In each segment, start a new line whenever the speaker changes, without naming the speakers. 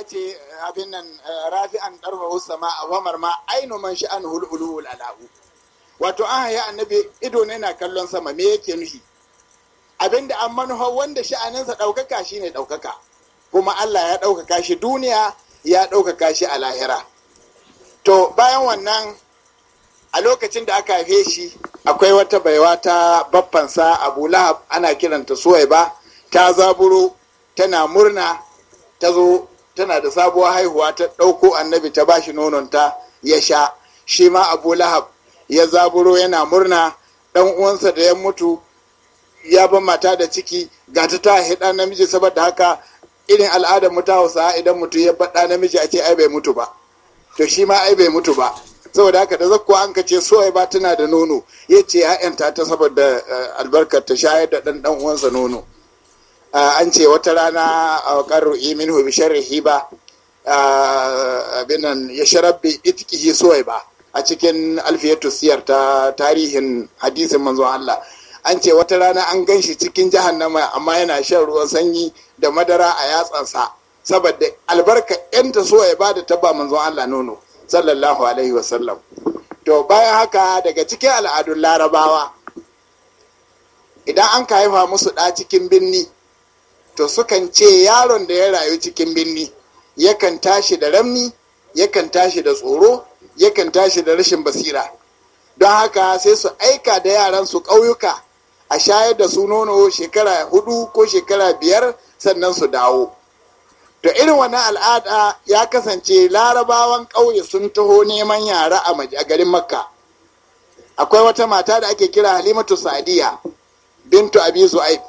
ce abin nan eh, rafi'an darfahu a famar ma ainu man sha'an hululu ala'u wato an haya annabi ido ne na kallon sama me yake nufi abinda an manuha wanda sha'aninsa ɗaukaka shine ɗaukaka kuma Allah ya ɗaukaka shi duniya ya ɗaukaka shi a lahira to bayan wannan a lokacin da aka haife shi akwai wata baiwa ta baffansa abu lahab ana kiranta suwaiba ta zaburo tana murna ta zo tana da sabuwar haihuwa ta ɗauko annabi ta ba shi nononta ya sha shi ma abu lahab ya zaburo yana murna ɗan uwansa da ya mutu ya ban mata da ciki ga ta ta haɗa namiji saboda haka irin al'adar mutu hausa idan mutum ya baɗa namiji a ce ai bai mutu ba to shi ma ai bai mutu ba saboda haka da zakko an ka ce soya ba tana da nono ya ce ya'yanta ta saboda eh, albarkar ta shayar da ɗan uwansa nono an ce wata rana a ƙarru'i min hu sharrihi ba abinan ya sharabbi itkihi suwai ba a cikin alfiyatu siyar ta tarihin hadisin manzon Allah an ce wata rana an gan shi cikin jahannama amma yana shan ruwan sanyi da madara a yatsansa saboda albarka yanta so da da taba manzon Allah nono sallallahu alaihi wasallam to bayan haka daga cikin al'adun larabawa idan an ka haifa musu ɗa cikin binni to sukan ce yaron da ya rayu cikin birni yakan tashi da ramni yakan tashi da tsoro yakan tashi da rashin basira don haka sai su aika da yaran su ƙauyuka a shayar da su nono shekara hudu ko shekara biyar sannan su dawo to irin wani al'ada ya kasance larabawan ƙauye sun taho neman yara a garin makka akwai wata mata da ake kira halimatu sadiya bintu abi zu'aib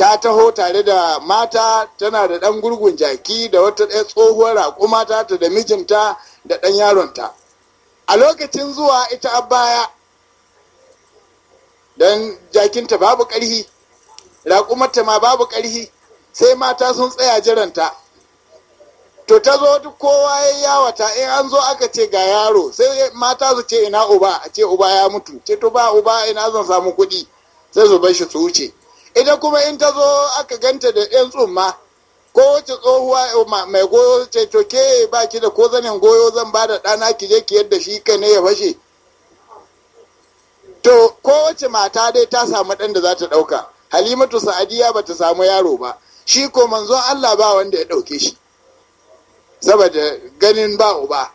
ta taho tare da mata tana da ɗan gurgun jaki da wata ɗaya tsohuwar raƙuma ta da mijinta da ɗan yaronta a lokacin zuwa ita a baya don jakinta babu ƙarhi raƙumarta ma babu ƙarhi sai mata sun tsaya jiranta to ta zo duk kowa ya yawata in an zo aka ce ga yaro sai mata su ce ina uba a ce uba ya mutu ce to ba uba ina zan samu kuɗi sai su bar shi su wuce ita kuma in ta zo aka ganta da yan tsumma ko wace tsohuwa eh, mai goyo ce to ba ki da ko zanen goyo zan ba da ɗana ki je ki yadda shi kai ne ya fashe to ko wace mata dai ta samu ɗan da za ta ɗauka halimatu sa'adiya ba ta samu yaro ba shi ko manzo allah ba wanda ya ɗauke shi saboda ganin ba uba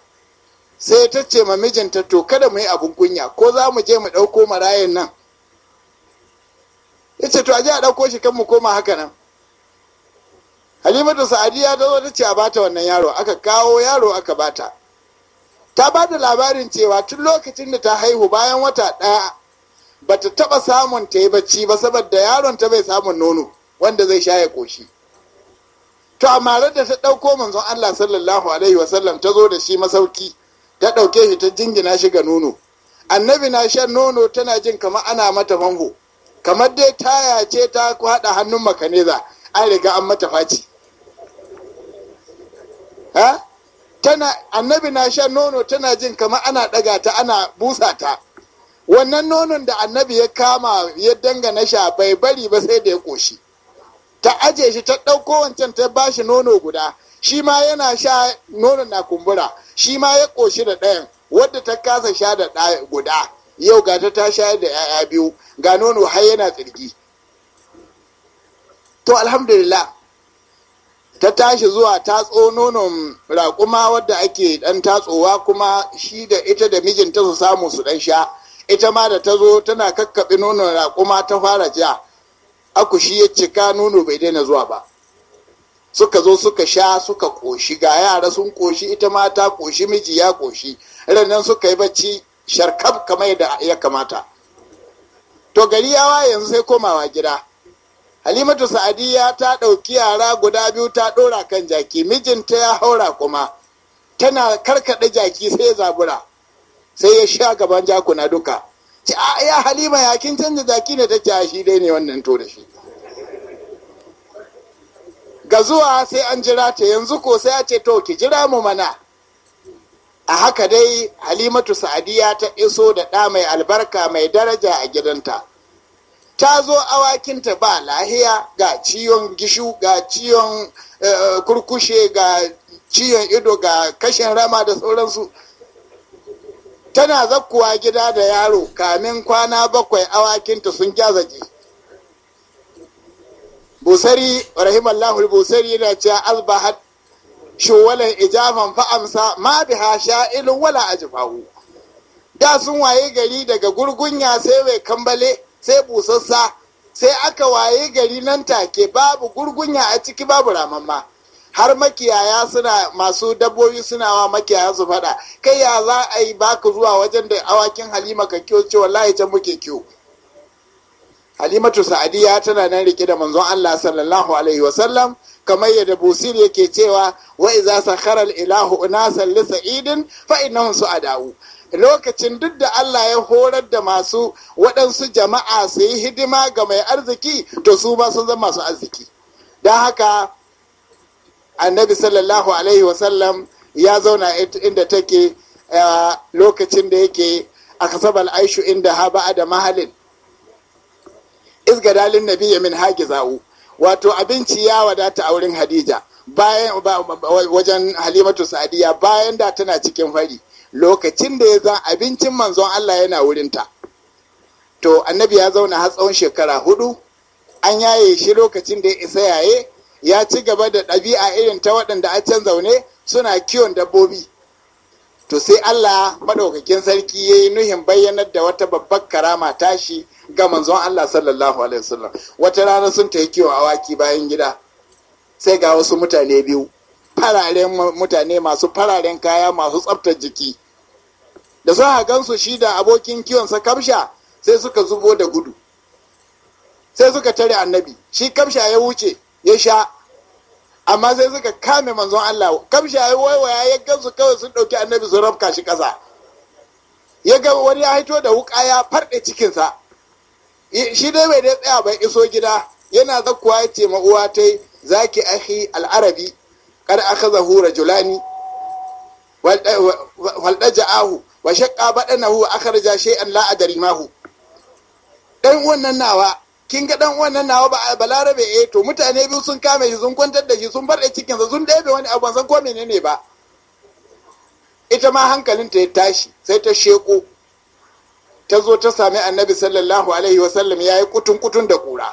sai ta ce ma mijinta to kada mu yi abin kunya ko za mu je mu ɗauko marayan nan ya ce to a je a ɗauko shi kan mu koma haka nan halimatu sa'adiya ta zo ta ce a bata wannan yaro aka kawo yaro aka bata ta ba da labarin cewa tun lokacin da ta haihu bayan wata ɗaya ba ta taɓa samun ta yi bacci ba saboda yaron ta bai samun nono wanda zai sha ya ƙoshi to amma da ta ɗauko manzon Allah sallallahu alaihi wasallam ta zo da shi masauki ta ɗauke shi ta jingina shi ga nono annabi na shan nono tana jin kamar ana mata mango kamar dai taya ce ta ku haɗa hannun makaneza an riga an mata faci ha tana annabi na shan nono tana jin kamar ana ɗaga ta ana busa ta wannan nonon da annabi ya kama ya dangana sha bai bari ba sai da ya ƙoshi ta aje shi ta ɗauko wancan ta ba shi nono guda shi ma yana sha nonon na kumbura shi ma ya ƙoshi da ɗayan wadda ta kasa sha da guda yau ga ta ta shayar da 'ya'ya biyu ga nono har yana tsirgi to alhamdulillah ta tashi zuwa tatso nonon raƙuma wadda ake ɗan tatsowa kuma shi da ita da mijinta su samu su ɗan sha ita ma da ta zo tana kakkaɓe nonon raƙuma ta fara ja aku shi ya cika nono bai daina zuwa ba suka zo suka sha suka ƙoshi ga yara sun ƙoshi ita ma ta ƙoshi miji ya ƙoshi rannan suka yi bacci sharkab kamar da ya kamata to gari yawa yanzu sai komawa gida halimatu sa'adiyya ta ɗauki yara guda biyu ta ɗora kan jaki mijinta ya haura kuma tana karkaɗa jaki sai ya zabura sai ya sha gaban jakuna duka ya halima ya kin canza jaki ne ta shi dai ne wannan to da shi ga zuwa sai an jira ta yanzu ko sai a ce to ki jira mu mana a haka dai halimatu sa'adiya ta iso da ɗa mai albarka mai daraja a gidanta ta zo awakinta ba lahiya ga ciyon gishu ga ciyon eh, eh, kurkushe ga ciyon ido ga kashin rama da sauransu tana zakkuwa gida da yaro kamin kwana bakwai awakinta sun gyazaje busari rahimallahu busari yana cewa azbahat showalan ijaban fa'amsa ma biha sha'ilun wala ajfahu da sun waye gari daga gurgunya sai wai kambale sai busassa sai aka waye gari nan take babu gurgunya a ciki babu ramamma har makiyaya suna masu dabbobi suna wa makiyaya su fada kai ya za a yi baka zuwa wajen da awakin halima ka kyau ce wallahi can muke kyau halimatu sa'adiyya tana nan rike da manzon Allah sallallahu alaihi wasallam kamar yadda busir yake cewa wa iza sakhara ilahu unasan li sa'idin fa innahum su'adau lokacin duk da Allah ya horar da masu waɗansu jama'a su yi hidima ga mai arziki to su ma sun zama masu arziki don haka annabi sallallahu alaihi wasallam ya zauna inda take lokacin da yake a kasabar aishu inda ha ba'a da mahalin izgadalin nabi min hagi za'u wato abinci ya wadata a wurin hadija bayan wajen halimatu sa'adiya bayan da tana cikin fari lokacin da ya zan abincin manzon allah yana wurinta to annabi ya zauna har tsawon shekara hudu an yaye shi lokacin da ya isa yaye ya ci gaba da ɗabi'a irin ta waɗanda a can zaune suna kiwon dabbobi to sai Allah maɗaukakin sarki ya yi nuhin bayyanar da wata babbar karama tashi ga manzon Allah sallallahu alaihi wasallam wata rana sun ta kiwon awaki bayan gida sai ga wasu mutane biyu fararen mutane masu fararen kaya masu tsaftar jiki da sun hagansu shi da abokin kiwon sa kamsha sai suka zubo da gudu sai suka tare annabi shi kamsha ya wuce ya sha amma sai suka kame manzon Allah kamshi ya waiwaya ya gansu kawai sun ɗauki annabi sun rafka shi kasa. ya ga wani ya haito da wuka ya farɗe sa shi dai bai dai tsaya bai iso gida yana zakkuwa ya ce ma uwa tai zaki ahi al'arabi kar aka zahura julani walɗaja eh, ahu wa shaqqa badanahu akar shay'an la adari mahu dan wannan nawa kin ga dan wannan nawa ba balarabe eh to mutane biyu sun kame shi sun kwantar da shi sun barɗe cikin sa sun ɗebe wani abu san ko menene ba ita ma hankalin ta ya tashi sai ta sheko ta zo ta sami annabi sallallahu alaihi wa ya yi kutun kutun da kura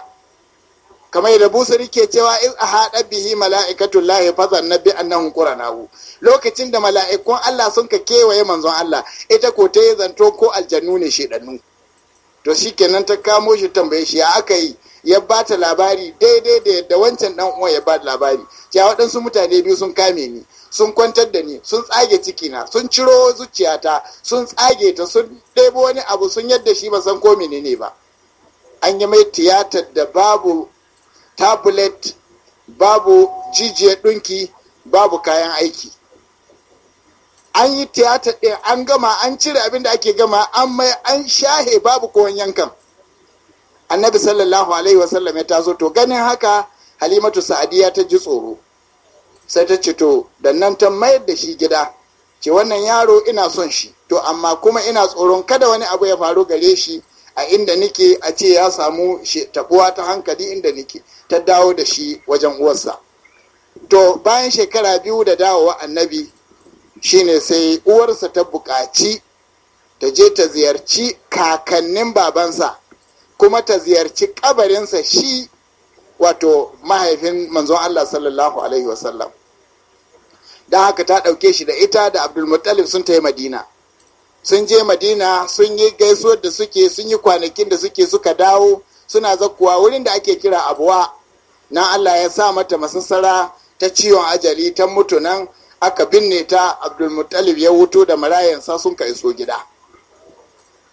kamar yadda busari ke cewa in a haɗa bihi mala'ikatun lahi fazan na bi'an na hunkura nahu lokacin da mala'ikun allah sun ka kewaye manzon allah ita ko ta yi zanto ko aljannu ne shiɗannu to shi kenan ta kamo shi tambaye shi ya aka yi ya ba ta labari daidai da yadda wancan dan uwan ya ba ta labari cewa waɗansu mutane biyu sun kame ni sun kwantar da ni sun tsage cikina sun ciro zuciyata sun tsage ta sun ɗebo wani abu sun yadda shi ba san ko menene ba an yi mai tiyatar da babu tablet babu jijiyar ɗinki babu kayan aiki an yi tiyata ɗin an gama an cire abin da ake gama an mai an shahe babu kowan yankan annabi sallallahu alaihi wasallam ya tazo. to ganin haka halimatu sa'adiya ta ji tsoro sai ta ce to da nan ta mayar da shi gida ce wannan yaro ina son shi to amma kuma ina tsoron kada wani abu ya faru gare shi a inda nike a ce ya samu tabuwa ta hankali inda nike ta dawo da shi wajen uwarsa to bayan shekara biyu da dawowa annabi shine sai uwarsa ta bukaci ta je ta ziyarci kakannin babansa kuma ta ziyarci kabarinsa shi wato mahaifin manzon Allah sallallahu alaihi wasallam da haka ta ɗauke shi da ita da abdulmuttalib sun ta yi madina sun je madina sun yi gaisuwar da suke sun yi kwanakin da suke suka dawo suna zaukuwa wurin da ake kira abuwa na Allah ya sa mata masassara ta ciwon ajali ta mutu nan aka binne ta abdulmuttalib ya wuto da marayansa sun ka iso gida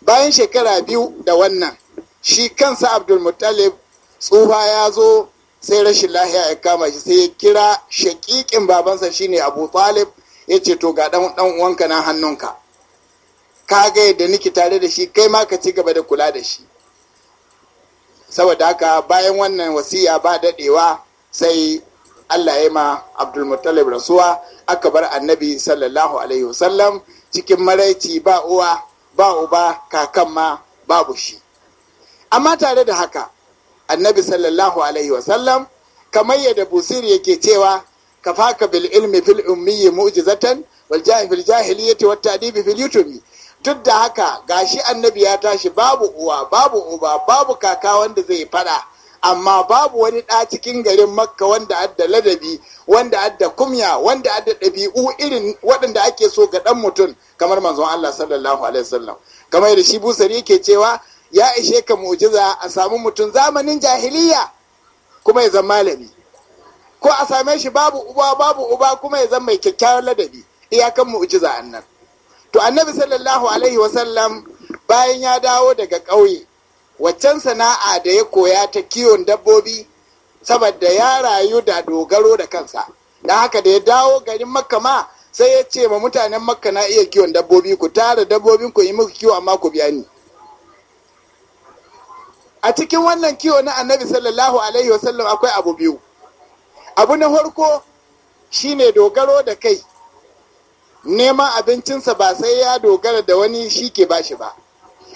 bayan shekara biyu da wannan shi kansa abdulmuttalib tsufa ya zo sai rashin lahiya ya kama shi sai ya kira shakikin babansa shine abu talib ya ce to ga dan uwanka na hannunka ka ga yadda niki tare da shi kai ma ka ci gaba da kula da shi saboda haka bayan wannan wasiya ba daɗewa sai Allah ya ma Abdulmuttalib rasuwa aka bar annabi sallallahu alaihi wasallam cikin maraici ba uwa ba uba kakan ma babu shi amma tare da haka annabi sallallahu alaihi wasallam kamar yadda busir yake cewa kafaka bil ilmi fil ummi mu'jizatan wal jahil fil wat ta'dibi fil yutumi duk da haka gashi annabi ya tashi babu uwa babu uba babu kaka wanda zai fada amma babu wani ɗa cikin garin makka wanda adda ladabi wanda adda kumya wanda adda ɗabi'u irin waɗanda ake so ga ɗan mutum kamar manzon Allah sallallahu alaihi wasallam kamar yadda shi busari yake cewa ya ishe ka mu'jiza a samu mutum zamanin jahiliya kuma ya zama malami ko a same shi babu uba babu uba kuma ya zama mai kyakkyawan ladabi iyakan mu'jiza annan to annabi sallallahu alaihi wasallam bayan ya dawo daga ƙauye waccan sana'a da ya koya ta kiwon dabbobi saboda ya rayu da dogaro da kansa da haka da ya dawo garin makka ma sai ya ce ma mutanen makka na iya kiwon dabbobi ku tara dabbobin ku yi muku kiwo amma ku biya ni a cikin wannan kiwo na annabi sallallahu alaihi wasallam akwai abu biyu abu na farko shine dogaro da kai neman abincinsa ba sai ya dogara da wani shi ke bashi ba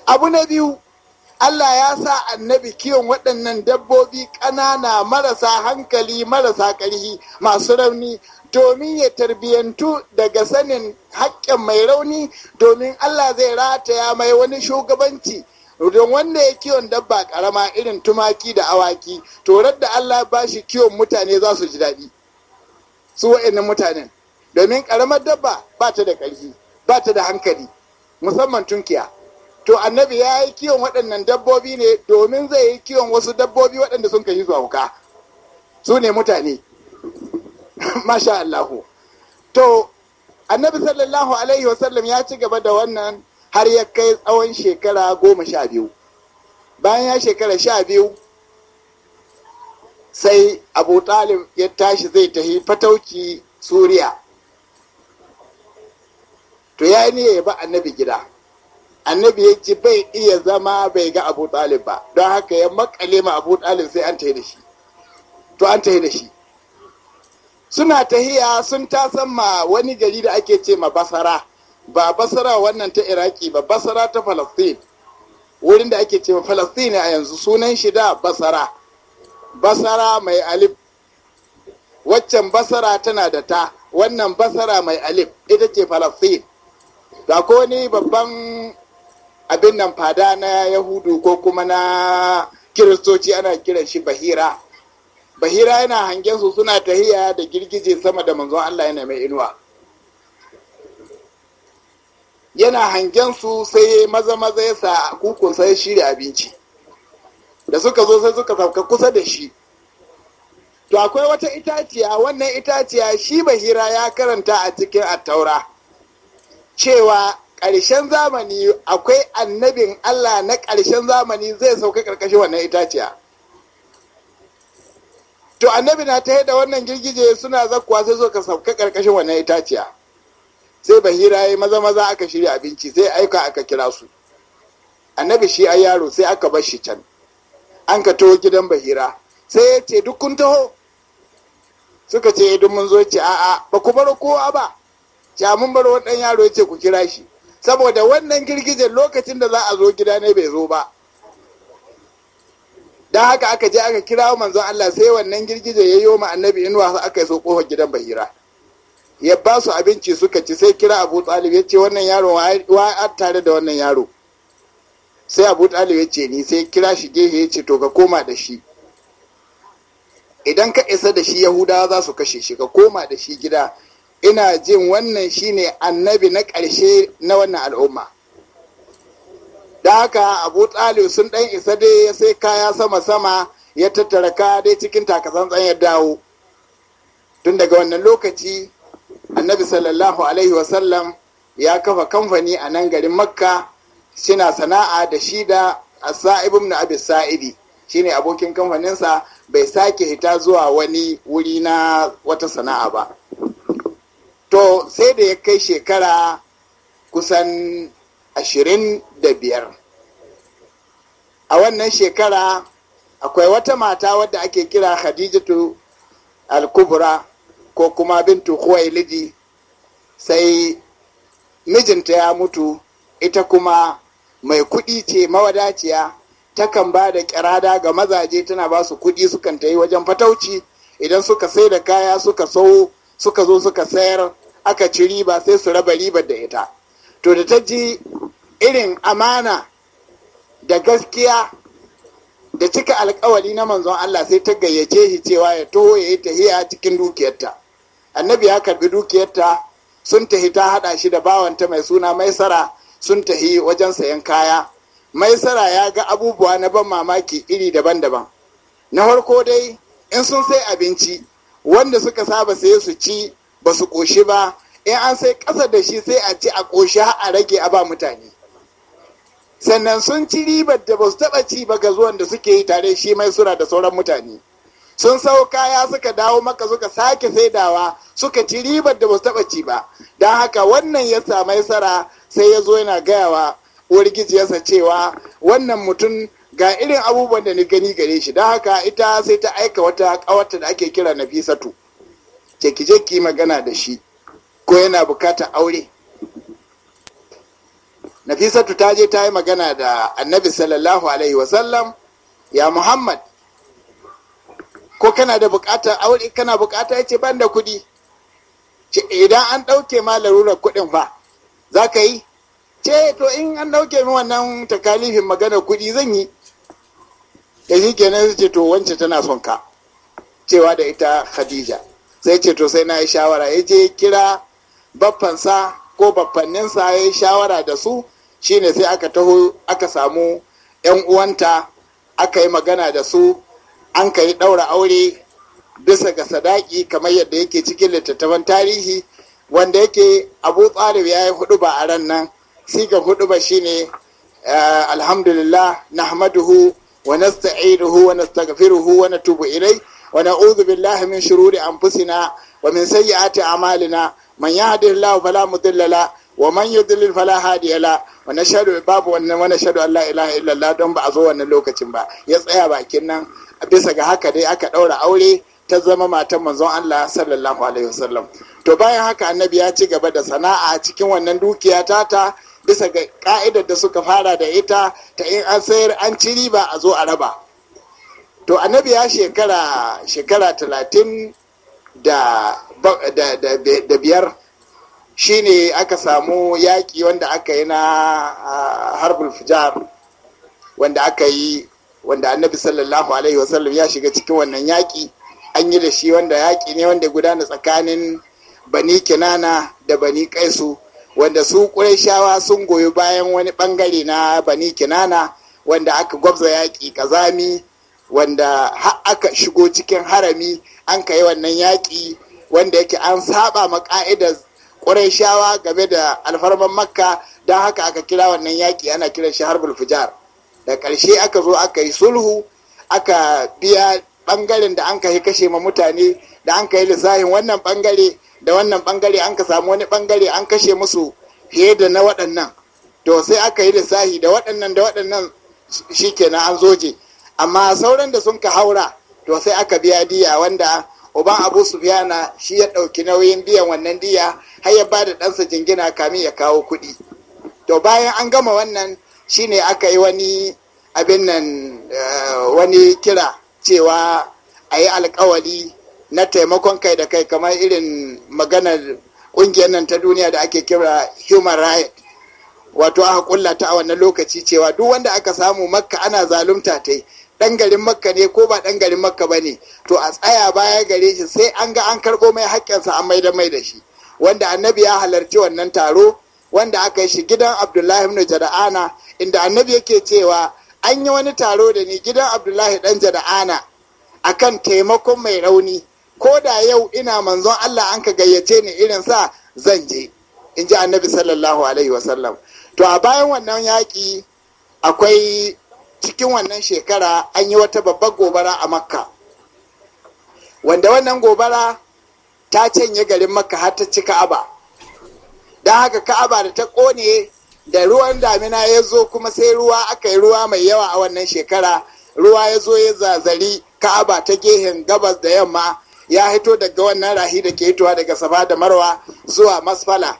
abu na biyu Allah ya sa annabi kiwon waɗannan dabbobi ƙanana marasa hankali marasa ƙarfi masu rauni domin ya tarbiyantu daga sanin haƙƙin mai rauni domin Allah zai rataya mai wani shugabanci don wanda ya kiwon dabba ƙarama irin tumaki da awaki to da Allah ba shi kiwon mutane za su ji daɗi su wa'annan mutanen domin ƙaramar dabba ba ta da ƙarfi ba ta da hankali musamman tunkiya to annabi ya yi kiwon waɗannan dabbobi ne domin zai yi kiwon wasu dabbobi waɗanda sun yi zuwa su ne mutane masha Allahu to annabi sallallahu alaihi wasallam ya ci gaba da wannan har ya kai tsawon shekara goma sha biyu bayan ya shekara sha biyu sai abu talib ya tashi zai tafi fatauci suriya to ya yi ya ba annabi gida annabi ya bai iya zama bai ga abu talib ba don haka ya makale ma abu talib sai an tahi da shi to an tahi da shi suna tahiya sun tasan ma wani gari da ake ce ma basara ba basara wannan ta iraki ba basara ta falastin wurin da ake ce ma falastin a yanzu sunan shi da basara basara mai alif waccan basara tana da ta wannan basara mai alif ita ce falastin ga ko wani babban abin nan fada na yahudu ko kuma na kiristoci ana kiran shi bahira bahira yana hangen su suna tahiya da girgije sama da manzon Allah yana mai inuwa yana hangen su sai maza maza ya sa kukun sai shirya abinci da suka zo sai suka sauka kusa da shi to akwai wata itaciya wannan itaciya shi bahira ya karanta a cikin attaura cewa ƙarshen zamani akwai annabin Allah na ƙarshen zamani zai sauka ƙarƙashin wannan itaciya. To annabi na ta da wannan girgije suna zakkuwa sai suka sauka ƙarƙashin wannan itaciya. Sai bahira ya maza maza aka shirya abinci sai aika aka kira su. Annabi shi a yaro sai aka bar shi can. An ka taho gidan bahira sai ya ce duk kun taho. Suka ce idan eh, mun zo ce a'a ba ku bar kowa ba. Jamun ah, bar wani ɗan yaro ya ce ku kira shi. saboda wannan girgijen lokacin da za a zo gida ne bai zo ba don haka aka je aka kira manzon Allah sai wannan girgijen ya yi wa annabi inuwa aka yi so kofar gidan bahira ya ba su abinci suka ci sai kira abu talib ya ce wannan yaro wa tare da wannan yaro sai abu talib ya ce ni sai kira shi gehe ya ce to ka koma da shi idan ka isa da shi yahudawa za su kashe shi ka koma da shi gida ina jin wannan shine annabi na ƙarshe na wannan al'umma da haka abu talib sun ɗan isa dai ya sai kaya sama-sama ya tattara ka dai cikin takasantsan ya dawo tun daga wannan lokaci annabi sallallahu alaihi wasallam ya kafa kamfani a nan garin makka Shina sana'a da shi da sa'ib ibn abi sa'idi shine abokin kamfaninsa bai sake hita zuwa wani wuri na wata sana'a ba to sai da ya kai shekara kusan ashirin da biyar a wannan shekara akwai wata mata wadda ake kira khadijatu al-kubra ko kuma bintu khuwailidi sai mijinta ya mutu ita kuma mai kuɗi ce mawadaciya takan ba da kirada ga mazaje tana ba su kuɗi sukan ta yi wajen fatauci idan suka sai da kaya suka sau suka zo suka sayar aka ci riba sai su raba ribar da ita to da ta ji irin amana da gaskiya da cika alkawali na manzon Allah sai ta gayyace shi cewa ya taho ya yi tahiya cikin dukiyarta annabi ya karbi dukiyarta sun tahi ta hada shi da bawanta mai suna maisara sun tahi wajen sayan kaya maisara ya ga abubuwa na ban mamaki iri daban-daban na farko dai in sun sai abinci wanda suka saba sai su ci ba su ƙoshi ba in an sai ƙasa da shi sai a ce a ƙoshi a rage a ba mutane sannan sun ci ribar da ba su taɓa ci ba ga zuwan da suke yi tare shi mai sura da sauran mutane sun sau kaya suka dawo maka suka sake saidawa suka ci ribar da ba su taɓa ci ba don haka wannan ya samai sara sai ya zo yana gayawa uwargijiyarsa cewa wannan mutum ga irin abubuwan da ni gani gare shi don haka ita sai ta aika wata ƙawarta da ake kira nafisatu ce ki je ki magana da shi ko yana bukata aure nafisatu ta je ta yi magana da annabi sallallahu alaihi wasallam ya muhammad ko kana da bukatar aure kana bukata ya ce ban da kudi idan an ɗauke ma larurar kudin fa za ka yi ce to in an ɗauke min wannan takalifin magana kuɗi zan yi da shi kenan su ce to wance tana son ka cewa da ita khadija sai ce to sai na yi shawara ya je kira baffansa ko baffanninsa ya yi shawara da su shine sai aka taho aka samu 'yan uwanta aka yi magana da su an ka yi ɗaura aure bisa ga sadaki kamar yadda yake cikin littattafan tarihi wanda yake abu tsalib ya yi hudu ba a ran nan siga hudu ba shine ah, alhamdulillah hamaduhu wa nasta'inuhu wa nastaghfiruhu wa natubu ilai ونعوذ بالله من شرور أنفسنا ومن سيئات أعمالنا من يهده الله فلا مضل له ومن يضلل فلا هادي له ونشهد باب ونشهد أن لا إله إلا الله don ba a zo wannan lokacin ba ya tsaya bakin nan bisa ga haka dai aka ɗaura aure ta zama matan manzon Allah sallallahu alaihi wasallam to bayan haka annabi ya ci gaba da sana'a cikin wannan dukiya tata bisa ga ka'idar da suka fara da ita ta in an sayar an ci ba a zo a raba to annabi ya shekara shekara talatin da, da, da, da biyar shine aka samu yaƙi wanda aka yi na harbul fujar wanda aka yi wanda annabi sallallahu alaihi wasallam ya shiga cikin wannan yaƙi an yi da shi wanda yaƙi ne wanda gudana tsakanin bani kinana da bani kaisu wanda su ƙurashawa sun goyi bayan wani ɓangare na bani kinana wanda aka gwabza yaƙi ƙazami wanda aka shigo cikin harami an ka yi wannan yaƙi wanda yake an saba ma ƙa'idar ƙurayshawa game da alfarman makka don haka aka kira wannan yaƙi ana kiran shi harbul fujar da ƙarshe aka zo aka yi sulhu aka biya ɓangaren da an ka yi kashe ma mutane da an ka yi lissahin wannan ɓangare da wannan ɓangare an ka samu wani ɓangare an kashe musu fiye da na waɗannan to sai aka yi lissahi da waɗannan da waɗannan shikenan an zoje amma sauran da sun ka haura to sai aka biya diya wanda uban abu biyana shi ya ɗauki nauyin biyan wannan diya har ya bada ɗansa jingina kamin ya kawo kuɗi to bayan an gama wannan shine aka yi wani abin nan eh, wani kira cewa a yi alkawali na taimakon kai da kai kamar irin maganar ƙungiyar nan ta duniya da ake kira human rights wato aka kullata ta a wannan lokaci cewa duk wanda aka samu makka ana zalunta ta ɗan garin makka ne ko ba ɗan garin makka ba ne to a tsaya baya gare shi sai an ga an karɓo mai haƙƙinsa an maida mai da shi wanda annabi ya halarci wannan taro wanda aka yi shi gidan abdullahi ibn jada'ana inda annabi yake cewa an yi wani taro da ni gidan abdullahi dan jada'ana akan taimakon mai rauni ko da yau ina manzon allah an ka gayyace ni irin sa zan je in ji annabi sallallahu alaihi wasallam to a bayan wannan yaƙi akwai cikin wannan shekara an yi wata babbar gobara a makka wanda wannan gobara ta canye garin makka har ta ci ka'aba don haka ka'aba da ta ƙone da ruwan damina ya zo kuma sai ruwa aka yi ruwa mai yawa a wannan shekara ruwa ya zo ya zazari ka'aba ta gehen gabas da yamma ya hito daga wannan rahi da ke hitowa daga safa da marwa zuwa masfala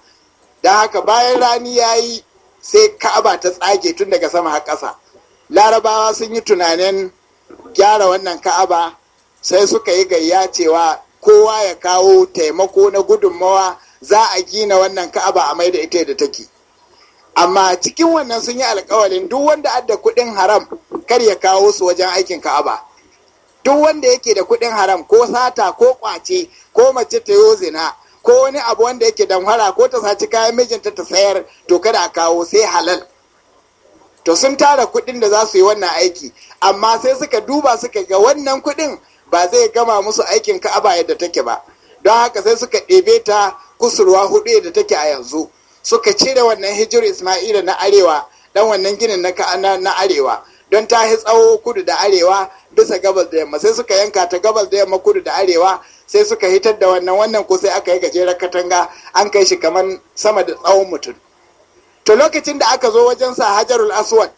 don haka bayan rani ya yi sai ka'aba ta tsage tun daga sama har ƙasa larabawa sun yi tunanin gyara wannan ka'aba sai suka yi gayya cewa kowa ya kawo taimako na gudunmawa za a gina wannan ka'aba a mai da ita da take amma cikin wannan sun yi alkawalin duk wanda adda kudin haram kar ya kawo su wajen aikin ka'aba duk wanda yake da kudin haram ko sata ko kwace ko mace ta yo zina ko wani abu wanda yake damhara ko ta saci kayan mijinta ta sayar to kada a kawo sai halal to sun tara kuɗin da za su yi wannan aiki amma sai suka duba suka ga wannan kuɗin ba zai gama musu aikin ka'aba yadda take ba don haka sai suka ɗebe ta kusurwa hudu yadda take a yanzu suka cire wannan hijir ismaila na arewa dan wannan ginin na arewa don ta yi tsawo kudu da arewa bisa gabas da yamma sai suka yanka ta gabas da yamma kudu da arewa sai suka hitar da wannan wannan ko sai aka yi gajeren katanga an kai shi kamar sama da tsawon mutum to lokacin da aka zo wajen sa hajarul aswad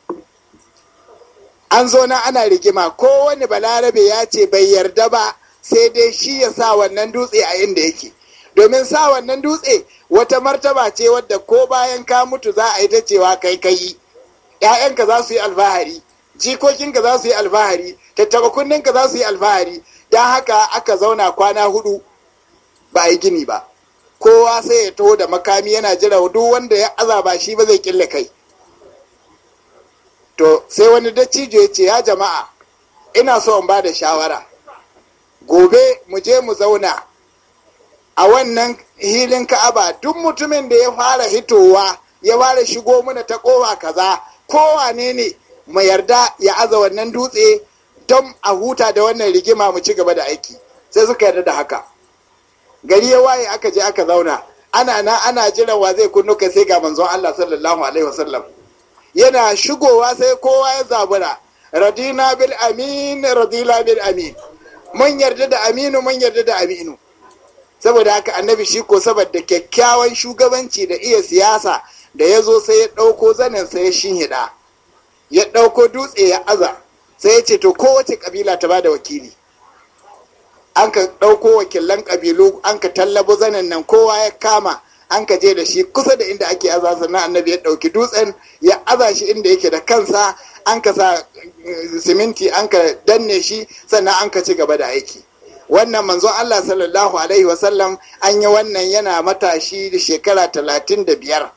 an zo na ana rigima kowane balarabe ya ce bai yarda ba sai dai shi ya sa wannan dutse a inda yake domin sa wannan dutse wata martaba ce wadda ko bayan ka mutu za a yi ta cewa kai kai ‘ya'yanka za su yi alfahari jikokinka za su yi alfahari tattaba za su yi alfahari don haka aka zauna kwana hudu ba a yi gini ba kowa sai ya taho da makami yana jira duk wanda ya azaba shi ba zai kille kai to sai wani dattijo ya ce ya jama'a ina so in ba da shawara gobe mu je mu zauna a wannan hilin ka'aba duk mutumin da ya fara hitowa ya fara shigo mana ta kowa kaza kowa ne ne mu yarda ya aza wannan dutse don a huta da wannan rigima mu ci gaba da aiki sai suka yarda da haka gari ya waye aka je aka zauna ana na ana jiran wa zai kunnu kai sai ga manzon Allah sallallahu alaihi wasallam yana shigowa sai kowa ya zabura radina bil amin radila bil amin mun yarda da aminu mun yarda da aminu saboda haka annabi shi ko saboda kyakkyawan shugabanci da iya siyasa da ya zo sai ya ɗauko zanen sai ya shinhida ya ɗauko dutse ya aza sai ya ce to kowace kabila ta ba da wakili an ka ɗauko wakilan ƙabilu an ka tallabo zanen nan kowa ya kama an ka je da shi kusa da inda ake aza sannan annabi ya ɗauki dutsen ya aza shi inda yake da kansa an ka sa eh, siminti an ka danne shi sannan an ka ci gaba da aiki wannan manzon Allah sallallahu alaihi wasallam an yi wannan yana matashi da shekara talatin da biyar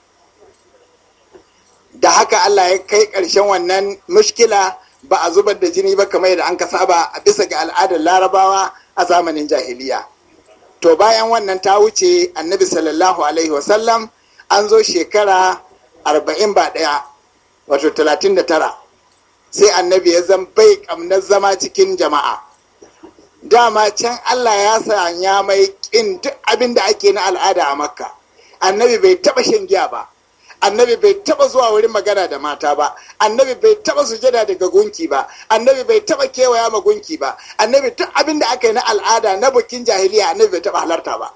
da haka Allah ya kai ƙarshen wannan mushkila ba a zubar da jini ba kamar yadda an ka saba a bisa ga al'adar larabawa a zamanin jahiliya to bayan wannan ta wuce annabi sallallahu alaihi wasallam an zo shekara arba'in ba ɗaya wato talatin da tara sai annabi ya zan bai kamnar zama cikin jama'a dama can allah ya sanya mai ƙin duk abin da ake na al'ada a makka annabi bai taɓa shan giya ba annabi bai taba zuwa wurin magana da mata ba annabi bai taba sujada daga gunki ba annabi bai taba kewaya ma gunki ba annabi duk abin da aka yi na al'ada na bukin jahiliya annabi bai taba halarta ba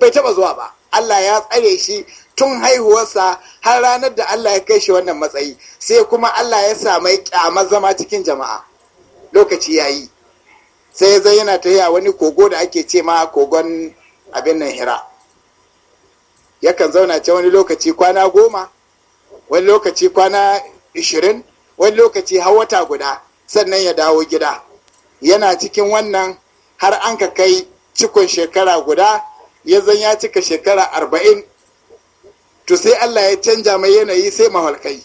bai taba zuwa ba Allah ya tsare shi tun haihuwarsa har ranar da Allah ya kai shi wannan matsayi sai kuma Allah ya samai kyama zama cikin jama'a lokaci ya yi sai ya zai yana ta wani kogo da ake ce ma kogon abin nan hira yakan zauna can wani lokaci kwana goma wani lokaci kwana ishirin wani lokaci har wata guda sannan ya dawo gida yana cikin wannan har an ka kai cikon shekara guda ya zan ya cika shekara arba'in to sai allah ya canja mai yanayi sai mahalkai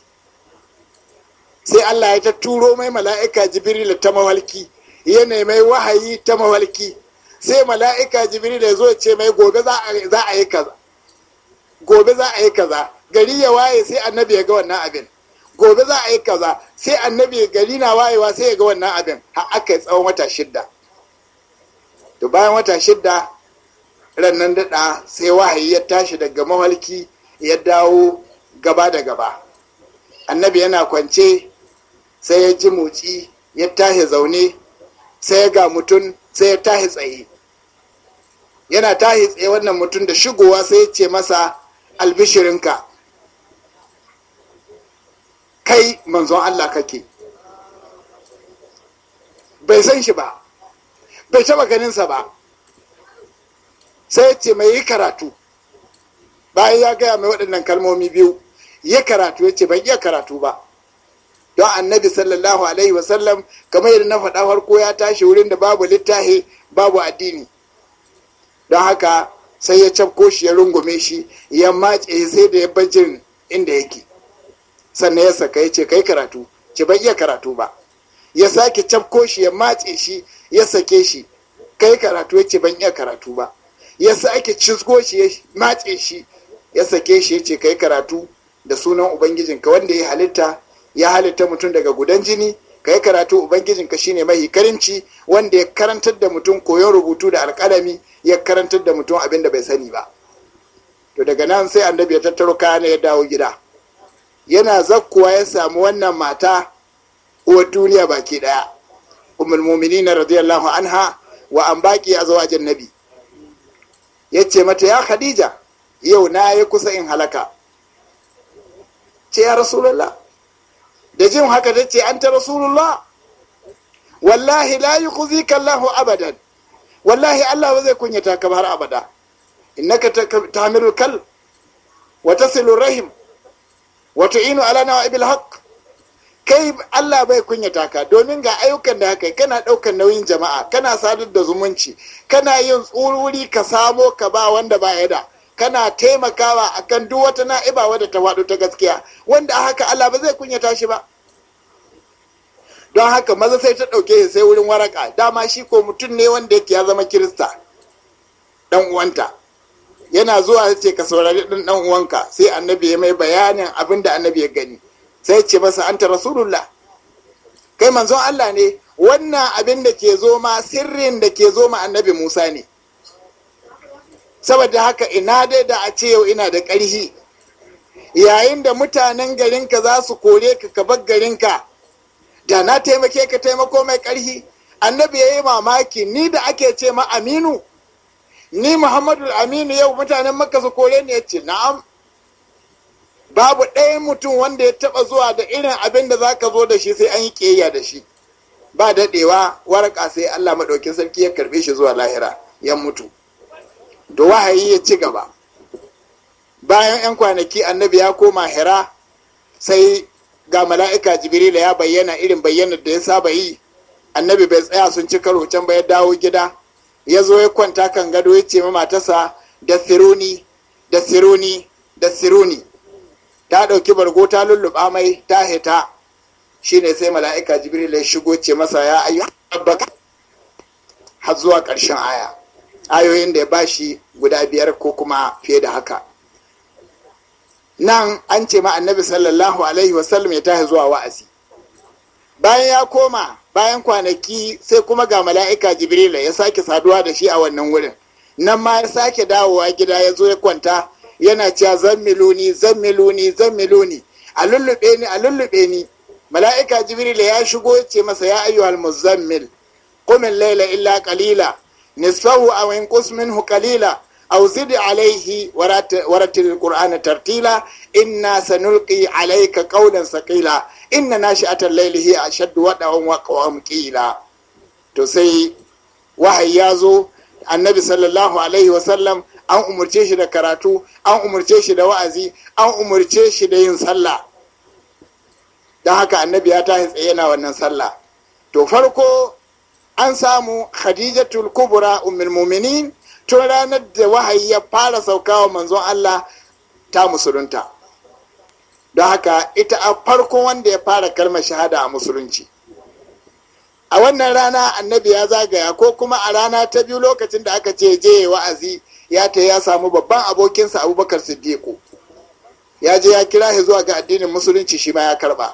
sai allah ya ta turo mai mala'ika jibril ta mahalki yanayi mai wahayi ta mahalki sai mala'ika jibril ya zo ya ce mai gobe za a yi kaza gobe za a yi kaza gari ya waye sai annabi ya ga wannan abin gobe za a yi kaza sai annabi gari na wayewa sai ya ga wannan abin har aka yi tsawon wata shidda to bayan wata shidda rannan daɗa sai wahayi ya tashi daga mahalki ya dawo gaba da gaba annabi yana kwance sai ya ji motsi ya tashi zaune sai ya ga mutum sai ya tashi tsaye yana tashi tsaye wannan mutum da shigowa sai ya ce masa albishirinka kai manzon Allah kake bai san shi ba bai taba sa ba sai ce mai yi karatu bayan ya gaya mai waɗannan kalmomi biyu ya karatu ya ce ban iya karatu ba don annabi sallallahu alaihi wasallam kamar yadda na faɗa farko ya tashi wurin da babu littahi babu addini don haka sai ya cafko shi ya rungume shi ya matse sai da ya bajin inda yake sannan ya saka ya ce kai karatu ce ban iya karatu ba ya sake cafko shi ya matse shi ya sake shi kai karatu ya ce ban iya karatu ba ya sake cisko shi ya matse shi ya sake shi ya ce kai karatu da sunan ubangijinka wanda ya halitta ya halitta mutum daga gudan jini ka yi karatu ubangijinka shine mahi karinci wanda ya karantar da mutum koyon rubutu da alkalami ya karantar da mutum abin da bai sani ba to daga nan sai annabi ya tattaro kayan ya dawo gida yana zakkuwa ya samu wannan mata uwar duniya baki daya ummul mu'minin radiyallahu anha wa an baki azwajin nabi yace mata ya khadija yau na yi kusa in halaka ce ya rasulullah da jin haka ta ce an ta rasulullah wallahi la yukhzika Allahu abadan wallahi Allah ba zai kunyata ka har abada innaka ta kal wa tasilu rahim wa tu'inu ala ibil haq. kai Allah bai kunyata ka domin ga ayyukan da haka kana ɗaukar nauyin jama'a kana sadar da zumunci kana yin tsururi ka samo ka ba wanda ba ya da kana taimakawa akan duk wata na'iba wadda ta wadu ta gaskiya wanda haka Allah ba zai kunyata shi ba don haka maza sai ta ɗauke shi sai wurin waraka dama shi ko mutum ne wanda yake ya zama kirista dan uwanta yana zuwa ya ce ka saurari ɗin ɗan uwanka sai annabi ya mai bayanin abin da annabi ya gani sai ce masa anta rasulullah kai manzon Allah ne wannan abin da ke zo ma sirrin da ke zo ma annabi Musa ne saboda haka ina dai da a ce yau ina da ƙarhi yayin da mutanen garinka za su kore ka ka bar garinka da na taimake ka taimako mai ƙarfi annabi ya yi mamaki ni da ake ce ma aminu ni muhammadu aminu yau mutanen makka su kore ne ya ce na'am babu ɗaya mutum wanda ya taɓa zuwa da irin abin da za ka zo da shi sai an yi ƙeya da shi ba daɗewa waraka sai allah maɗaukin sarki ya karɓe shi zuwa lahira ya mutu da wahayi ya ci gaba bayan 'yan kwanaki annabi ya koma hira sai ga mala'ika jibrila ya bayyana irin bayyanar da ya saba yi annabi bai tsaya sun ci karo can ba ya dawo gida ya zo ya kwanta kan gado ya ce ma matarsa da siruni da siruni da siruni ta ɗauki bargo ta lulluɓa mai ta Shi shine sai mala'ika jibril ya shigo ce masa ya ayyu abbaka har zuwa ƙarshen aya ayoyin da ya bashi guda biyar ko kuma fiye da haka nan an ce ma annabi sallallahu alaihi wasallam ya tahi zuwa wa'azi bayan ya koma bayan kwanaki sai kuma ga mala'ika jibrila ya sake saduwa da shi a wannan wurin nan ma ya sake dawowa gida ya zo ya kwanta yana cewa zammiluni zammiluni zammiluni a lullube ni a lullube ni mala'ika jibrila ya shigo ya ce masa ya al muzammil qum al-layla illa qalila nisfahu aw inqus minhu qalila أو زد عليه ورتل القرآن ترتيلا إنا سنلقي عليك قولا ثقيلا إن ناشئة الليل هي أشد وطئا وقوام قيلا تسي وحي يازو annabi sallallahu alaihi wasallam an umarce shi da karatu an umarce shi da wa'azi an umarce shi da yin sallah don haka annabi ya tahi tsaye yana wannan sallah to farko an samu khadijatul kubra ummul mu'minin tun ranar da wahayi ya fara saukawa manzon Allah ta musulunta don haka ita a farko wanda ya fara kalmar shahada a musulunci a wannan rana annabi ya zagaya ko kuma a rana ta biyu lokacin da aka ce je wa'azi ya ta ya samu babban abokinsa abubakar siddiqu ya je ya kira shi zuwa ga addinin musulunci shi ma ya karba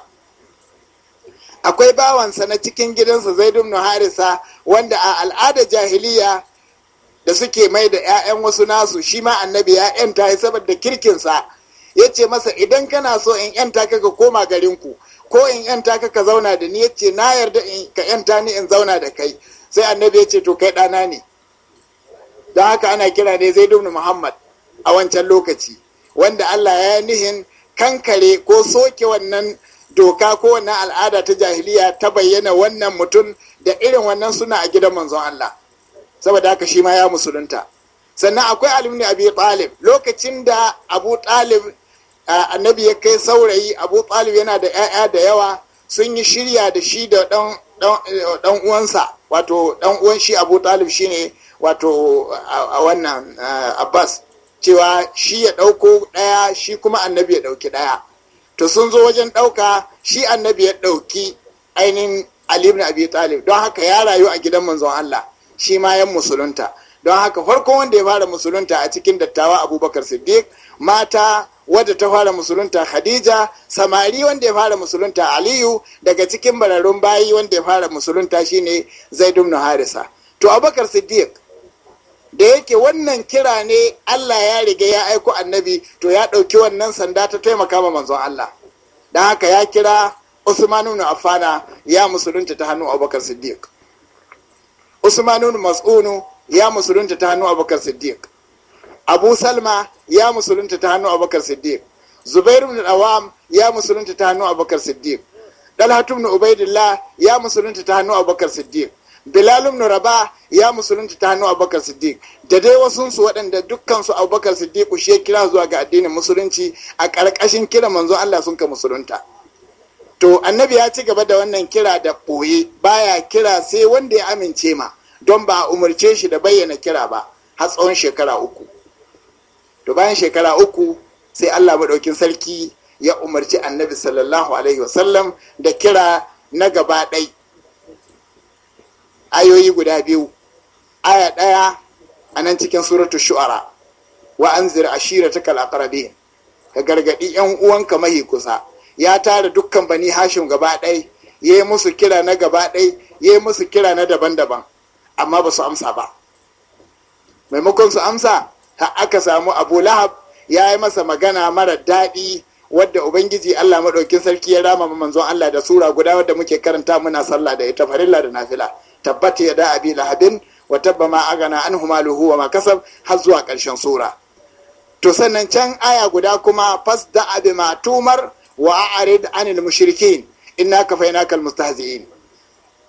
akwai bawansa na cikin gidansa zaid ibn harisa wanda a al'adar jahiliya da suke mai da 'ya'yan wasu nasu shi ma annabi ya 'yanta ya saboda kirkinsa ya ce masa idan kana so in 'yanta ka ka koma garinku ko in 'yanta ka ka zauna da ni ya ce na yarda ka 'yanta ni in zauna da kai sai annabi ya ce to kai ɗana ne don haka ana kira ne zai dubna muhammad a wancan lokaci wanda allah ya nihin kankare ko soke wannan doka ko wannan al'ada ta jahiliya ta bayyana wannan mutum da irin wannan suna a gidan manzon allah saboda haka shi ma ya musulunta sannan akwai alimin abi talib lokacin da abu talib annabi ya kai saurayi abu talib yana da 'ya'ya da yawa sun yi shirya da shi da dan uwansa wato dan uwan shi abu talib shine wato a wannan abbas cewa shi ya ɗauko ɗaya shi kuma annabi ya ɗauki ɗaya to sun zo wajen ɗauka shi annabi ya ɗauki ainihin ali abi talib don haka ya rayu a gidan manzon allah shi ma yan musulunta don haka farko wanda ya fara musulunta a cikin dattawa abubakar siddiq mata wadda ta fara musulunta khadija samari wanda ya fara musulunta aliyu daga cikin bararrun bayi wanda ya fara musulunta shine zaid ibn harisa to abubakar siddiq da yake wannan kira ne allah ya riga ya aiko annabi to ya ɗauki wannan sanda ta taimaka ma manzon allah don haka ya kira usman ibn affana ya musulunta ta hannun abubakar siddiq usmanu mas'unu ya musulunta ta hannu abubakar siddiq abu salma ya musulunta ta hannu abubakar siddiq zubair ibn awam ya musulunta ta hannu abubakar siddiq Dalhatu ibn ubaidillah ya musulunta ta hannu abubakar siddiq bilal ibn rabah ya musulunta ta hannu abubakar siddiq da dai wasu su waɗanda dukkan su abubakar siddiq shi kira zuwa ga addinin musulunci a ƙarƙashin kira manzo Allah sun ka musulunta to annabi ya ci gaba da wannan kira da ɓoye baya kira sai wanda ya amince ma don ba umarce shi da bayyana kira ba har tsawon shekara uku to bayan shekara uku sai allah maɗaukin sarki ya umarci annabi sallallahu alaihi wasallam da kira na gaba ɗai ayoyi guda biyu aya ɗaya a nan cikin suratu shu'ara wa anzir ashira ta kalakarabe ka gargaɗi 'yan uwanka mahi kusa ya tara dukkan bani hashim gaba ɗai ya yi musu kira na gaba ɗai ya yi musu kira na daban-daban amma ba su amsa ba maimakon su amsa ha aka samu abu lahab ya yi masa magana mara daɗi wadda ubangiji allah maɗaukin sarki ya rama manzon allah da sura guda wadda muke karanta muna sallah da ita farilla da nafila tabbata ya da abi lahabin wa tabba agana an humaluhu wa ma har zuwa ƙarshen sura to sannan can aya guda kuma fas da abi ma wa anil mushrikin inna kal mustahzi'in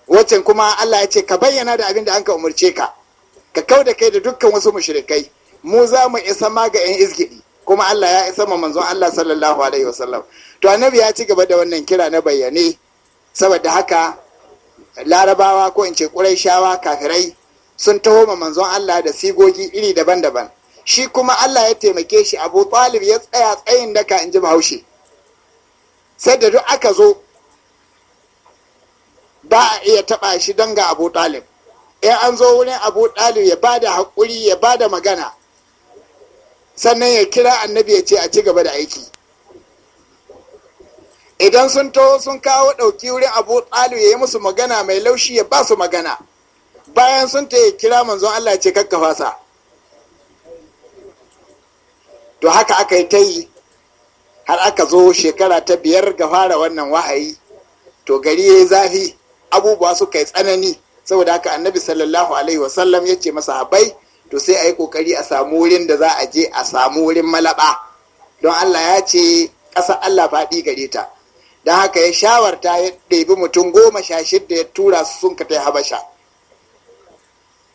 Wacce kuma Allah ya ce ka bayyana da abin da anka ka umarce ka ka kau da kai da dukkan wasu mushrikai mu za mu isa ma ga 'yan izgidi kuma Allah ya isa ma manzon Allah sallallahu alaihi wasallam to annabi ya ci gaba da wannan kira na bayyane saboda haka larabawa ko in ce quraishawa kafirai sun taho ma manzon Allah da sigogi iri daban-daban shi kuma Allah ya taimake shi Abu Talib ya tsaya tsayin daka in ji Bahaushe sai da duk aka zo ba a iya taɓa shi don ga abu ɗalib in an zo wurin abu ɗalib ya ba da haƙuri ya ba da magana sannan ya kira annabi ya ce a ci gaba da aiki idan sun taho sun kawo ɗauki wurin abu ɗalib ya yi musu magana mai laushi ya ba su magana bayan sun ta ya kira manzon Allah ce kakkafa sa to haka aka yi ta yi har aka zo shekara ta biyar ga fara wannan wahayi to gari ya zafi abubuwa suka yi tsanani saboda haka annabi sallallahu alaihi wasallam ya ce masa habai to sai a yi kokari a samu wurin da za a je a samu wurin malaba don allah ya ce ƙasa allah faɗi gare ta don haka ya shawarta ya ɗebi mutum goma sha shidda ya tura su sun kata habasha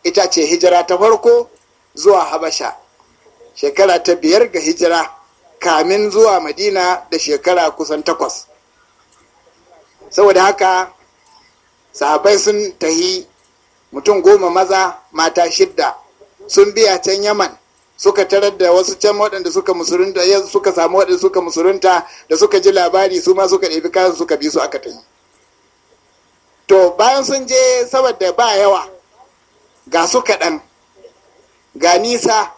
ita ce hijira ta farko zuwa habasha shekara ta biyar ga hijira kamin zuwa madina da shekara kusan takwas saboda haka sahabai sun tahi mutum goma maza mata shidda sun biya can yaman suka tarar da wasu can waɗanda suka musurunta suka samu waɗanda suka musurunta da suka ji labari su ma suka ɗabi kayan suka bi su aka tahi to bayan sun je saboda ba yawa ga su kaɗan ga nisa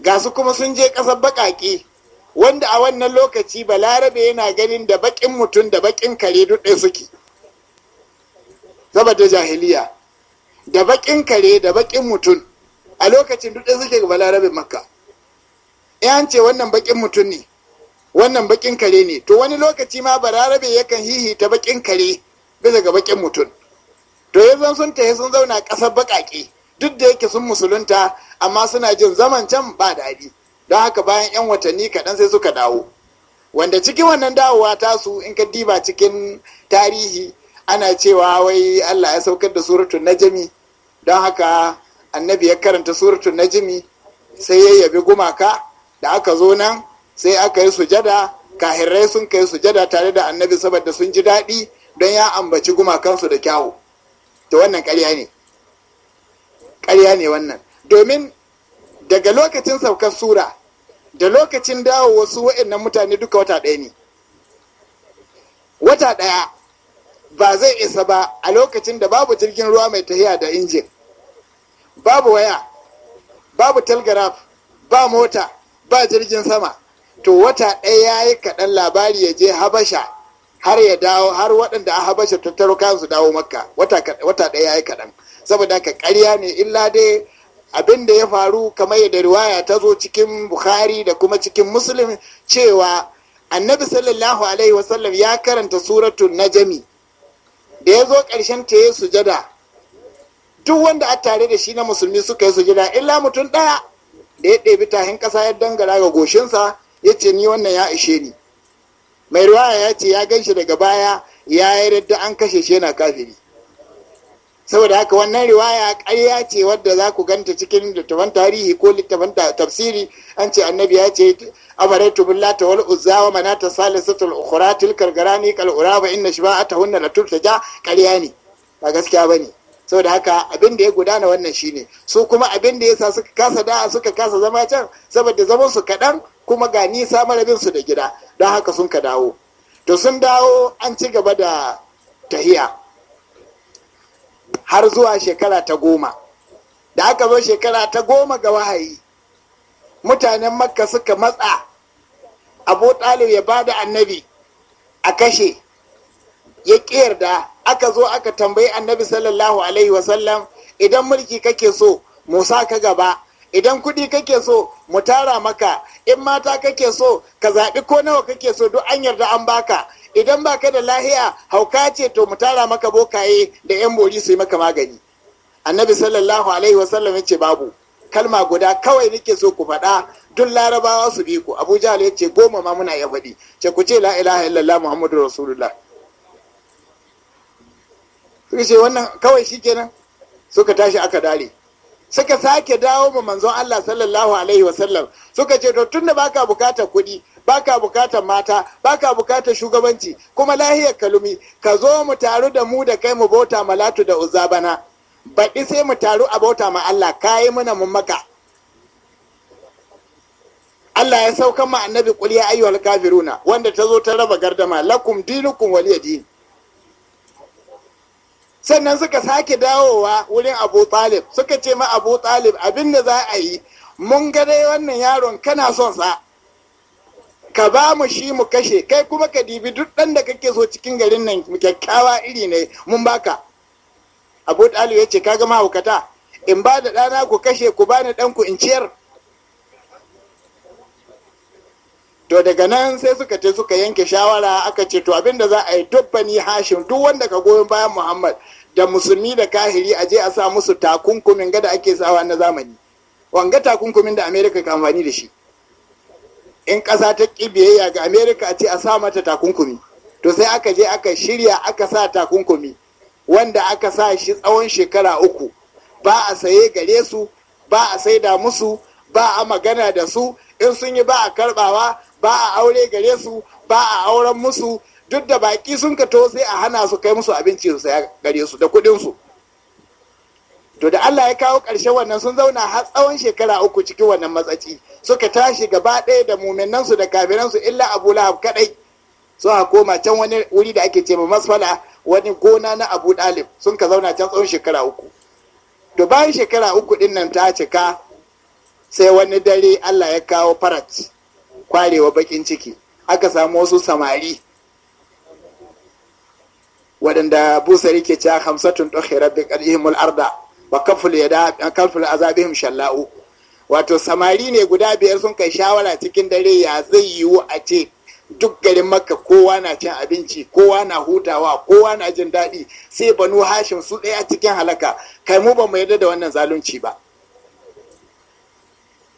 ga su kuma sun je ƙasar baƙaƙe wanda a wannan lokaci balarabe yana ganin da bakin mutum da bakin kare duk ɗaya suke saboda jahiliya da bakin kare da bakin mutum a lokacin duk ɗaya suke ga balarabe makka yan ce wannan bakin mutum ne wannan bakin kare ne to wani lokaci ma balarabe yakan hihita bakin kare bisa ga bakin mutum to yanzu sun tafi sun zauna ƙasar baƙaƙe duk da yake sun musulunta amma suna jin zaman can ba daɗi don haka bayan 'yan watanni kaɗan sai suka dawo wanda cikin wannan dawowa tasu in ka diba cikin tarihi ana cewa wai allah ya saukar da suratun najmi don haka annabi ya karanta suratun najmi sai ya yabi gumaka da aka zo nan sai aka yi sujada kahirai sun kai sujada tare da annabi saboda sun ji daɗi don ya ambaci gumakansu da kyawu ta wannan ƙarya ne ƙarya ne wannan domin daga lokacin saukar sura da lokacin dawo wasu wa'annan mutane duka wata ɗaya ne wata ɗaya ba zai isa ba a lokacin da babu jirgin ruwa mai tahiya da injin babu waya babu telegraph ba mota ba jirgin sama to wata ɗaya ya yi kaɗan labari ya je habasha har ya dawo har waɗanda a habasha tattaro kayan su dawo makka wata ɗaya ya yi kaɗan saboda ka ƙarya ne illa dai abin da ya faru kamar yadda riwaya ta zo cikin bukhari da kuma cikin muslim cewa annabi sallallahu alaihi wasallam ya karanta suratun najami da ya zo ƙarshen ta ya sujada duk wanda a tare da shi na musulmi suka yi sujada illa mutum ɗaya da ya ɗebi tahin ƙasa ya dangara ga goshinsa ya ce ni wannan ya ishe ni mai riwaya ya ce ya gan shi daga baya ya yi an kashe shi yana kafiri saboda haka wannan riwaya ƙarya ce wadda za ku ganta cikin littafan tarihi ko littafan tafsiri an ce annabi ya ce amaratu billata wal uzza wa manata salisatul ukhra tilkal garani kal uraba inna shiba'atahunna la turtaja ƙarya ne ba gaskiya ba ne. saboda haka abin da ya gudana wannan shine su kuma abin da ya sa suka kasa da'a suka kasa zama can saboda zaman su kaɗan kuma ga nisa marabin su da gida don haka sun ka dawo to sun dawo an ci gaba da tahiya har zuwa shekara ta goma da aka zo shekara ta goma ga wahayi mutanen makka suka matsa abu ɗalib ya ba da annabi a kashe ya da aka zo aka tambayi annabi sallallahu alaihi wasallam idan mulki kake so musa ka gaba idan kuɗi kake so mu tara maka in mata kake so ka zaɓi ko nawa kake so duk an yarda an baka idan ka da lahiya hauka ce to mu tara maka bokaye da yan bori su yi maka magani annabi sallallahu alaihi wasallam ya ce babu kalma guda kawai nake so ku faɗa duk larabawa su bi ku abu jahal ya ce goma ma muna ya faɗi ce ku ce la ilaha illallah muhammadu rasulullah suka ce wannan kawai shi kenan suka tashi aka dare suka sake dawo ma manzon Allah sallallahu alaihi wasallam suka ce to tunda baka bukatar kuɗi baka bukatar mata baka bukatar shugabanci kuma lahiyar kalumi ka zo mu taru da mu da kai mu bauta malatu da Uzabana. bana baɗi sai mu taru a bauta ma Allah kayi muna mun maka Allah ya saukan ma annabi qul ya ayyuhal kafiruna wanda ta zo ta raba gardama lakum dinukum waliyadin sannan suka sake dawowa wurin abu talib suka ce ma abu talib abin da za a yi mun ga dai wannan yaron kana son sa ka ba mu shi mu kashe kai kuma ka dibi duk ɗan da kake so cikin garin nan kyakkyawa iri ne mun baka abu ɗalibu ya ce ka gama mahaukata in ba da ɗana ku kashe ku ba ni ɗanku in ciyar to daga nan sai suka te suka yanke shawara aka ce to abinda za a yi dubbani hashim duk wanda ka goyon bayan muhammad da musulmi da kahiri a je a sa musu takunkumin gada ake sawa na zamani wanga takunkumin da amerika ka amfani da shi in ƙasa ta ƙi biyayya ga amerika a ce a sa mata takunkumi to sai aka je aka shirya aka sa takunkumi wanda aka sa shi tsawon shekara uku ba a saye gare su ba a saida musu ba a magana da su in sun yi ba a karbawa ba a aure gare su ba a auren musu duk da baƙi sun kato sai a hana su kai musu abinci su saya gare su da kuɗinsu. to da Allah ya kawo ƙarshe wannan sun zauna har tsawon shekara uku cikin wannan matsaci suka tashi gaba ɗaya da muminan su da kafiran illa Abu Lahab kadai a koma can wani wuri da ake ce masfala wani gona na Abu Dalib sun ka zauna can tsawon shekara uku to bayan shekara uku din nan ta cika sai wani dare Allah ya kawo farat kwarewa bakin ciki aka samu wasu samari waɗanda busari ke cewa hamsatun ɗauke rabbi ƙarihimul arda wa kafin a kaful azabihim shalla'u wato samari ne guda biyar sun kai shawara cikin dare ya zai yiwu a ce duk garin makka kowa na cin abinci kowa na hutawa kowa na jin daɗi sai banu hashim su ɗaya cikin halaka kai mu ba mu yarda da wannan zalunci ba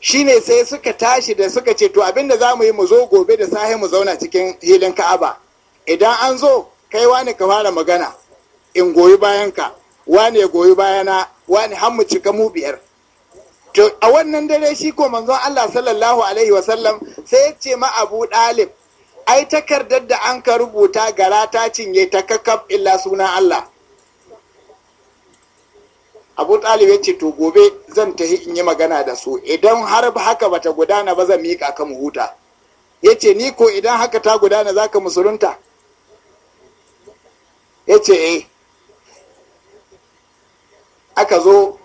shine sai suka tashi da suka ce to abinda za mu yi mu zo gobe da sahi mu zauna cikin hilin ka'aba idan an zo kai wani ka fara magana in goyi bayanka wani ya goyi bayana wani har cika mu biyar to a wannan dare shi ko manzon Allah sallallahu alaihi wasallam sai ya ce ma Abu Dalib ai takardar da an ka rubuta gara ta cinye ta kakkab illa suna Allah Abu Dalib ya ce to gobe zan tahi in yi magana da su idan har haka bata gudana ba zan miƙa ka mu huta ya ce ni ko idan haka ta gudana za ka musulunta ya ce eh aka zo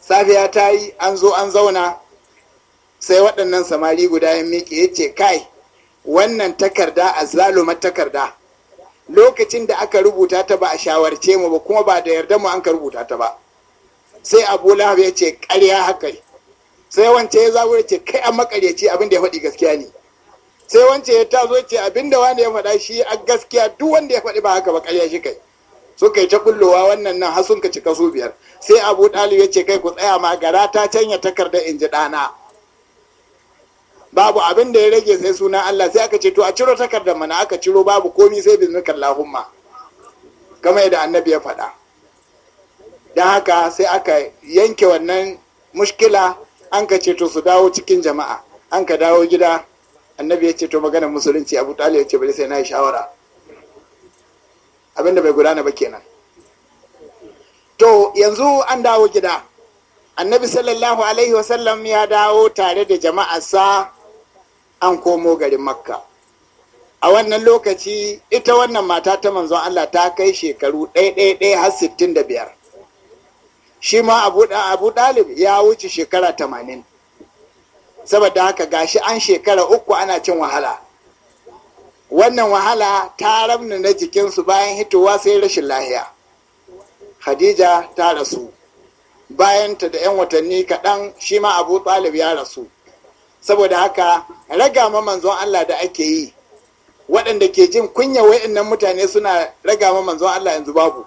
safiya ta yi an zo an zauna sai waɗannan samari guda ya miƙe ya ce kai wannan takarda a zalumar takarda lokacin da aka rubuta ta ba a shawarce mu ba kuma ba da yarda mu an ka rubuta ta ba sai abu lahab ya ce ƙarya haka sai wance ya ya ce kai an makaryaci abin da ya faɗi gaskiya ne sai wance ya tazo ce abin da wani ya faɗa shi a gaskiya duk wanda ya faɗi ba haka ba ƙarya shi kai suka yi ta kullowa wannan nan har sun ka cika su biyar sai abu ɗalib ya ce kai ku tsaya ma gara ta canya takarda in ji ɗana babu abin da ya rage sai suna Allah sai aka ce to a ciro takardar mana aka ciro babu komi sai biznika Allahumma kama yadda annabi ya faɗa don haka sai aka yanke wannan mushkila an ka ce su dawo cikin jama'a an ka dawo gida annabi ya ce to maganar musulunci abu talib ya ce bari sai na yi shawara abinda bai gudana ba kenan to yanzu an dawo gida annabi sallallahu alaihi wasallam ya dawo tare da jama'arsa an komo garin makka a wannan lokaci ita wannan mata ta manzon Allah ta kai shekaru ɗaya har sittin da biyar shi ma abu ɗalib ya wuce shekara tamanin saboda haka gashi an shekara uku ana cin wahala wannan wahala ta rabna na jikinsu bayan hitowa sai rashin lahiya khadija ta rasu bayanta da 'yan watanni kaɗan shi ma abu ɗalib ya rasu saboda haka raga ma manzon allah da ake yi waɗanda ke jin kunya wa'annan mutane suna raga ma manzon allah yanzu babu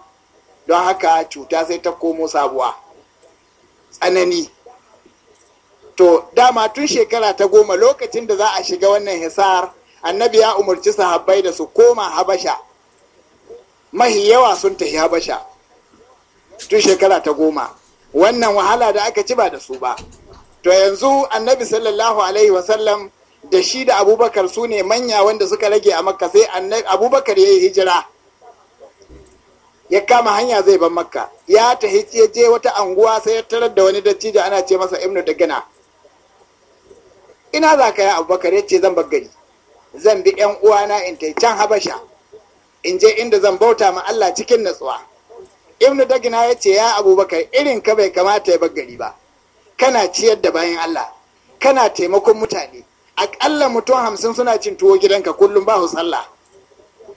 don haka cuta sai ta komo sabuwa tsanani to dama tun shekara ta goma lokacin da za a shiga wannan hisar annabi ya umarci sahabbai da su koma habasha mahi yawa sun tafi habasha tun shekara ta goma wannan wahala da aka ci ba da su ba to yanzu annabi sallallahu alaihi wasallam da shi da abubakar su ne manya wanda suka rage a makka sai abubakar ya yi hijira ya kama hanya zai ban makka ya tafi je wata anguwa sai ya tarar da wani dattijo ana ce masa ibnu dagana ina za ka yi abubakar ya ce zan bar gani. zan bi yan uwana in ta can habasha in je inda zan bauta ma Allah cikin natsuwa ibnu dagina ya ce ya abubakar irin ka bai kamata ya gari ba kana ciyar da bayan Allah kana taimakon mutane akalla mutum hamsin suna cin tuwo gidanka kullum ba su sallah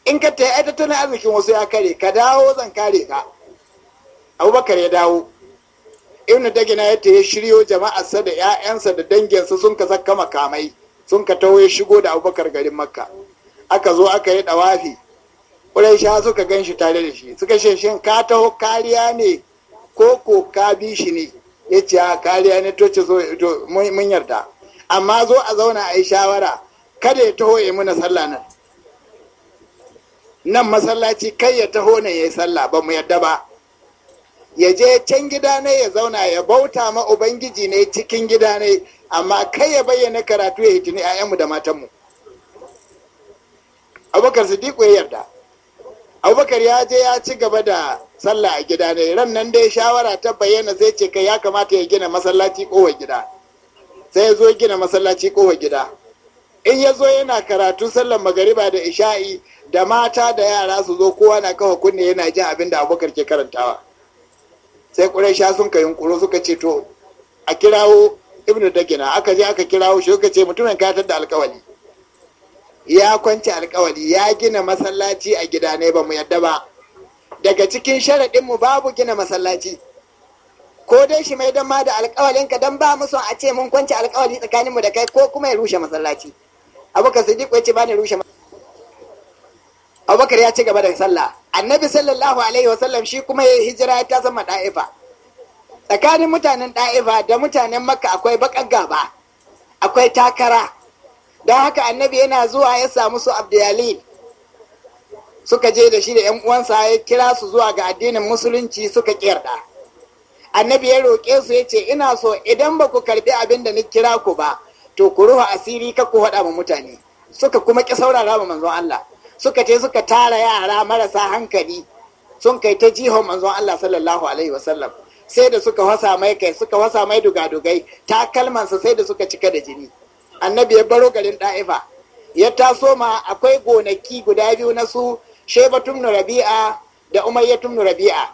in ka ta yi tattalin arzikin wasu ya kare ka dawo zan kare ka abubakar ya dawo ibnu dagina ya ta ya shiryo jama'arsa da 'ya'yansa da danginsa sun ka kama makamai sun ka tawaye ya shigo da abubakar garin makka aka zo aka yi ɗawafi ƙurai sha suka gan shi tare da shi suka ce shin ka taho kariya ne ko ko ka bi shi ne ya ce a kariya ne to ce mun yarda amma zo a zauna a yi shawara kada ya taho ya muna sallah nan nan masallaci kai ya taho nan ya yi sallah ba mu yarda ba ya je can gida ne ya zauna ya bauta ma ubangiji ne cikin gida ne amma kai ya bayyana karatu ya hitini 'ya'yanmu da matanmu abubakar siddiqu ya yarda abubakar ya je ya ci gaba da sallah a gida ne ran nan dai shawara ta bayyana zai ce kai ya kamata ya gina masallaci kowa gida sai ya zo gina masallaci kowa gida in ya zo yana karatu sallar magariba da isha'i da mata da yara su zo kowa na kafa kunne yana jin abin da abubakar ke karantawa sai sha sun ka yunƙuro suka ce to a kirawo ibnu dagina aka je aka kirawo shi suka ce mutumin katar da alkawali ya kwanci alkawali ya gina masallaci a gida ne ba mu yadda ba daga cikin sharaɗinmu babu gina masallaci ko dai shi mai don ma da alkawalin ka don ba mu son a ce mun kwanci alkawali tsakanin mu da kai ko kuma ya rushe masallaci abubakar siddiq ya ce ba ni rushe abubakar ya ci gaba da sallah annabi sallallahu alaihi wasallam shi kuma ya hijira ta zama ɗa'ifa tsakanin mutanen ɗa'ifa da mutanen makka akwai bakar gaba akwai takara don haka annabi yana zuwa ya samu su abdiyalin suka je da shi da 'yan uwansa ya kira su zuwa ga addinin musulunci suka kirda annabi ya roƙe su ya ce ina so idan ba ku karɓi abin da ni kira ku ba to ku ruha asiri ka ku haɗa ma mutane suka kuma ƙi saurara ma manzon Allah suka je suka tara yara marasa hankali sun kai ta jihon manzon Allah sallallahu alaihi wasallam sai da suka wasa mai kai suka wasa mai dugadugai takalmansa sai da suka cika da jini annabi ya baro garin da'ifa ya taso ma akwai gonaki guda biyu na su shebatun rabi'a da umayyatum rabi'a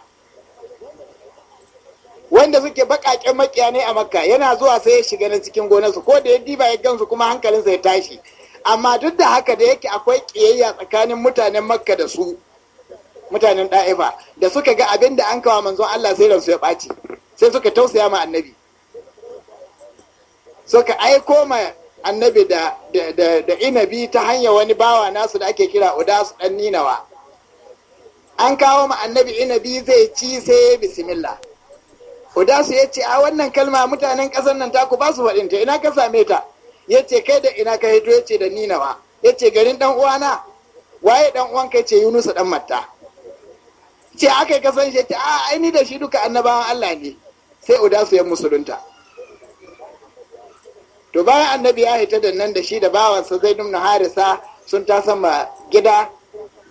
wanda suke bakaken makiya ne a makka yana zuwa sai ya shiga na cikin gonarsu ko da ya diba ya gansu kuma hankalinsa ya tashi amma duk da haka da yake akwai kiyayya tsakanin mutanen makka da su mutanen da'ifa da suka ga abin da an kawa manzon Allah sai ransu ya ɓaci sai suka tausaya ma annabi suka aiko ma annabi da, da, inabi ta hanyar wani bawa nasu da ake kira udasu dan ninawa an kawo ma annabi inabi zai ci sai bismillah udasu ya ce a wannan kalma mutanen ƙasar nan ta ku ba su faɗinta ina ka same ta ya ce kai da ina ka hito ya ce da nina ba ya ce garin dan uwana waye dan uwan ka ce yunusa dan matta ce aka yi kasan shi a aini da shi duka annabawan allah ne sai uda su yan musulunta to bayan annabi ya hita da nan da shi da bawansa zai na harisa sun ta ma gida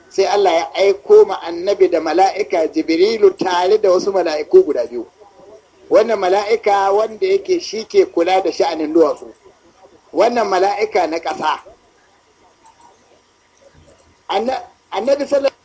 sai allah ya aiko ma annabi da mala'ika jibrilu tare da wasu mala'iku guda biyu wannan mala'ika wanda yake shi ke kula da sha'anin duwatsu wannan mala'ika na ƙasa annabi sallallahu